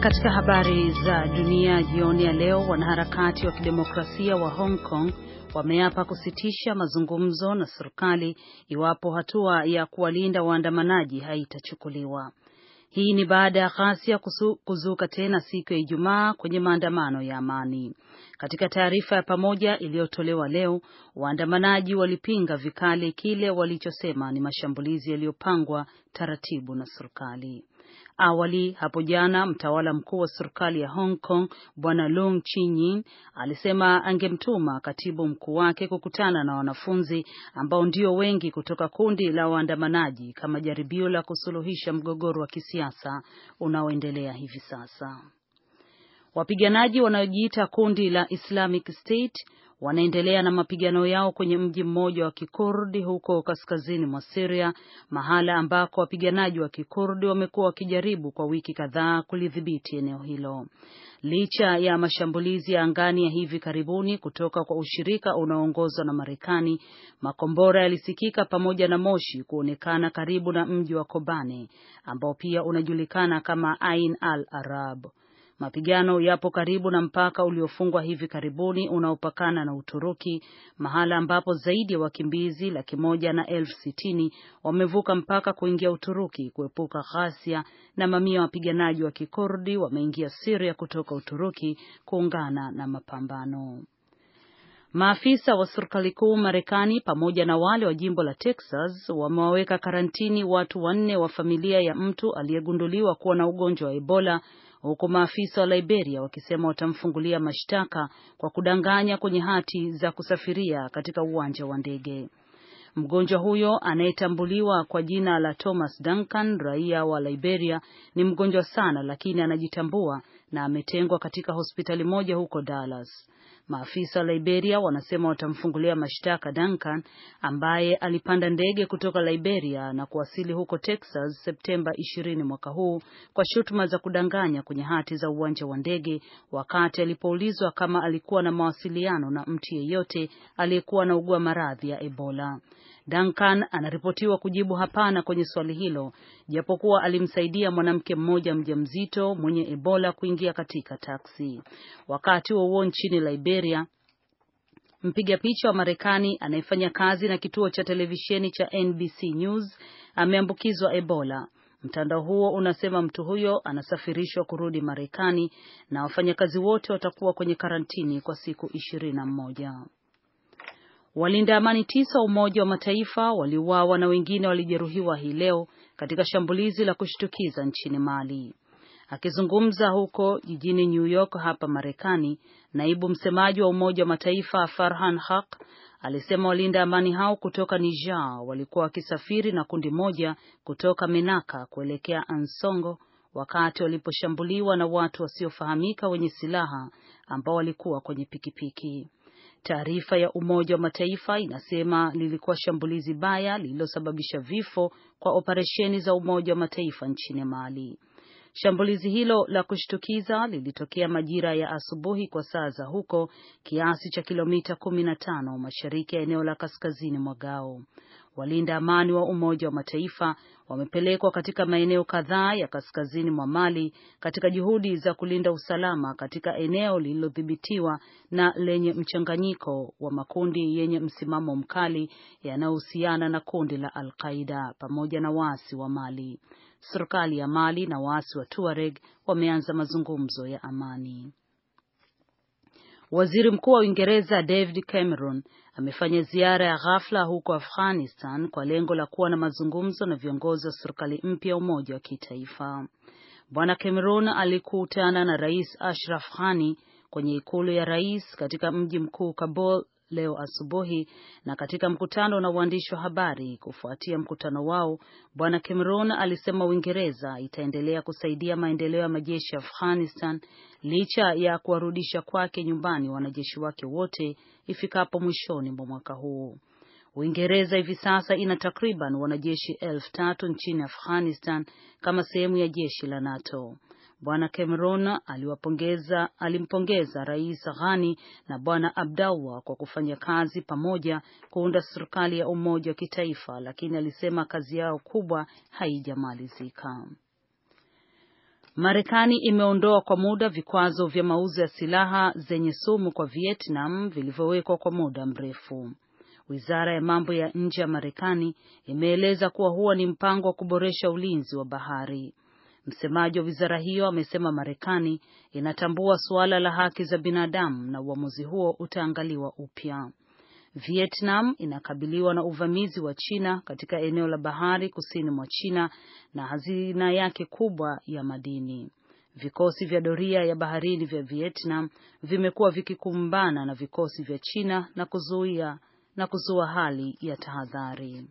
Katika habari za dunia jioni ya leo, wanaharakati wa kidemokrasia wa Hong Kong wameapa kusitisha mazungumzo na serikali iwapo hatua ya kuwalinda waandamanaji haitachukuliwa. Hii ni baada ya ghasia kuzuka tena siku ya Ijumaa kwenye maandamano ya amani. Katika taarifa ya pamoja iliyotolewa leo, waandamanaji walipinga vikali kile walichosema ni mashambulizi yaliyopangwa taratibu na serikali. Awali hapo jana, mtawala mkuu wa serikali ya Hong Kong Bwana Lung Chinyin alisema angemtuma katibu mkuu wake kukutana na wanafunzi ambao ndio wengi kutoka kundi la waandamanaji kama jaribio la kusuluhisha mgogoro wa kisiasa unaoendelea hivi sasa. Wapiganaji wanaojiita kundi la Islamic State wanaendelea na mapigano yao kwenye mji mmoja wa Kikurdi huko kaskazini mwa siria mahala ambako wapiganaji wa Kikurdi wamekuwa wakijaribu kwa wiki kadhaa kulidhibiti eneo hilo. Licha ya mashambulizi ya angani ya hivi karibuni kutoka kwa ushirika unaoongozwa na Marekani, makombora yalisikika pamoja na moshi kuonekana karibu na mji wa Kobane ambao pia unajulikana kama Ain al Arab. Mapigano yapo karibu na mpaka uliofungwa hivi karibuni unaopakana na Uturuki, mahala ambapo zaidi ya wa wakimbizi laki moja na elfu sitini wamevuka mpaka kuingia Uturuki kuepuka ghasia, na mamia ya wapiganaji wa Kikurdi wameingia Siria kutoka Uturuki kuungana na mapambano. Maafisa wa serikali kuu Marekani pamoja na wale wa jimbo la Texas wamewaweka karantini watu wanne wa familia ya mtu aliyegunduliwa kuwa na ugonjwa wa Ebola huku maafisa wa Liberia wakisema watamfungulia mashtaka kwa kudanganya kwenye hati za kusafiria katika uwanja wa ndege. Mgonjwa huyo anayetambuliwa kwa jina la Thomas Duncan, raia wa Liberia, ni mgonjwa sana lakini anajitambua na ametengwa katika hospitali moja huko Dallas. Maafisa wa Liberia wanasema watamfungulia mashtaka Duncan ambaye alipanda ndege kutoka Liberia na kuwasili huko Texas Septemba 20 mwaka huu kwa shutuma za kudanganya kwenye hati za uwanja wa ndege wakati alipoulizwa kama alikuwa na mawasiliano na mtu yeyote aliyekuwa anaugua maradhi ya Ebola. Duncan anaripotiwa kujibu hapana kwenye swali hilo, japokuwa alimsaidia mwanamke mmoja mjamzito mwenye Ebola kuingia katika taksi. Wakati huo huo, nchini Liberia mpiga picha wa Marekani anayefanya kazi na kituo cha televisheni cha NBC News ameambukizwa Ebola. Mtandao huo unasema mtu huyo anasafirishwa kurudi Marekani na wafanyakazi wote watakuwa kwenye karantini kwa siku ishirini na Walinda amani tisa wa Umoja wa Mataifa waliuawa na wengine walijeruhiwa hii leo katika shambulizi la kushtukiza nchini Mali. Akizungumza huko jijini New York hapa Marekani, naibu msemaji wa Umoja wa Mataifa Farhan Haq alisema walinda amani hao kutoka Niger walikuwa wakisafiri na kundi moja kutoka Menaka kuelekea Ansongo wakati waliposhambuliwa na watu wasiofahamika wenye silaha ambao walikuwa kwenye pikipiki. Taarifa ya Umoja wa Mataifa inasema lilikuwa shambulizi baya lililosababisha vifo kwa operesheni za Umoja wa Mataifa nchini Mali. Shambulizi hilo la kushtukiza lilitokea majira ya asubuhi kwa saa za huko, kiasi cha kilomita 15 mashariki ya eneo la kaskazini mwa Gao. Walinda amani wa Umoja wa Mataifa wamepelekwa katika maeneo kadhaa ya kaskazini mwa Mali katika juhudi za kulinda usalama katika eneo lililodhibitiwa na lenye mchanganyiko wa makundi yenye msimamo mkali yanayohusiana na kundi la Al-Qaida pamoja na waasi wa Mali. Serikali ya Mali na waasi wa Tuareg wameanza mazungumzo ya amani. Waziri Mkuu wa Uingereza David Cameron amefanya ziara ya ghafla huko Afghanistan kwa lengo la kuwa na mazungumzo na viongozi wa serikali mpya umoja wa kitaifa. Bwana Cameron alikutana na Rais Ashraf Ghani kwenye ikulu ya rais katika mji mkuu Kabul leo asubuhi na katika mkutano na waandishi wa habari kufuatia mkutano wao, Bwana Cameron alisema Uingereza itaendelea kusaidia maendeleo ya majeshi ya Afghanistan licha ya kuwarudisha kwake nyumbani wanajeshi wake wote ifikapo mwishoni mwa mwaka huu. Uingereza hivi sasa ina takriban wanajeshi elfu tatu nchini Afghanistan kama sehemu ya jeshi la NATO. Bwana Cameron aliwapongeza, alimpongeza Rais Ghani na Bwana Abdallah kwa kufanya kazi pamoja kuunda serikali ya umoja wa kitaifa, lakini alisema kazi yao kubwa haijamalizika. Marekani imeondoa kwa muda vikwazo vya mauzo ya silaha zenye sumu kwa Vietnam vilivyowekwa kwa muda mrefu. Wizara ya mambo ya nje ya Marekani imeeleza kuwa huo ni mpango wa kuboresha ulinzi wa bahari. Msemaji wa wizara hiyo amesema Marekani inatambua suala la haki za binadamu na uamuzi huo utaangaliwa upya. Vietnam inakabiliwa na uvamizi wa China katika eneo la bahari kusini mwa China na hazina yake kubwa ya madini. Vikosi vya doria ya baharini vya Vietnam vimekuwa vikikumbana na vikosi vya China na kuzuia na kuzua hali ya tahadhari.